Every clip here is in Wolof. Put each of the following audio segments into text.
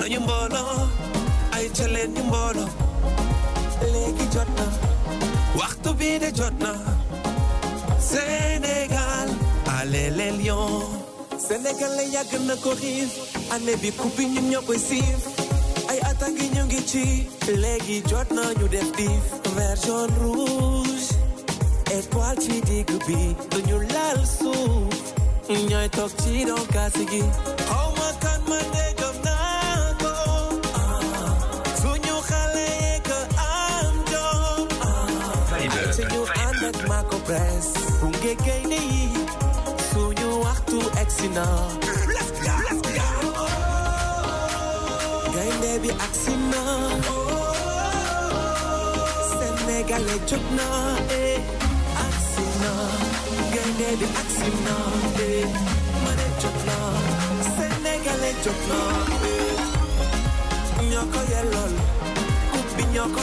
nañu mbooloo ay ca leen ñu mbooloo léegi jot na waxtu bii de jot na Sénégal allez les lions Sénégal la yàgg na ko xiif année bi coupe bi ñun ñoo koy siif ay attaques yi ñu ngi ci léegi jot na ñu def diif vert jaune ci digg bi duñu laal suuf ñooy toog ci doon kaasi gi ma kan ma dégg met Marco Press bu ngéegéey ne yit suñu waxtu egsi na oh, gaynde bi agsi na oh, Sénégalais jóg na eh agsi na gaynde bi agsi na eh ma ne jóg na eh. ko ko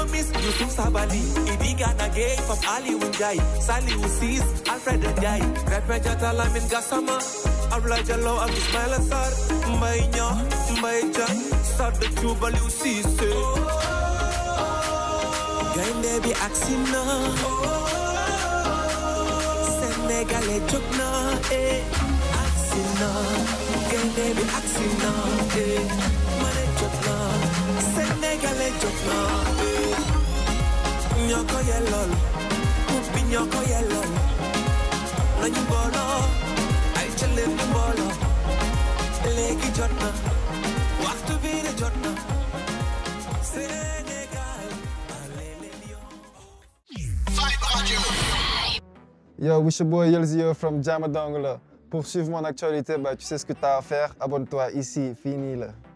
Idris, Yusuf Sabali, Idi Ganagay, from Ali Wunjai, Sally Usis, Alfred Ndiaye, Repe Jata Lamin Gassama, Abla Jallo ak Ismail Sarr, Mbaye Niang, Mbaye Diagne, Sarr Diop Aliou Cissé. Gaynde bi agsi na, Sénégalé jóg na, eh, agsi na, gaynde bi agsi na, eh. nyoko Yo, from Pour suivre mon actualité, bah, tu sais ce que tu à faire. Abonne-toi ici, fini là.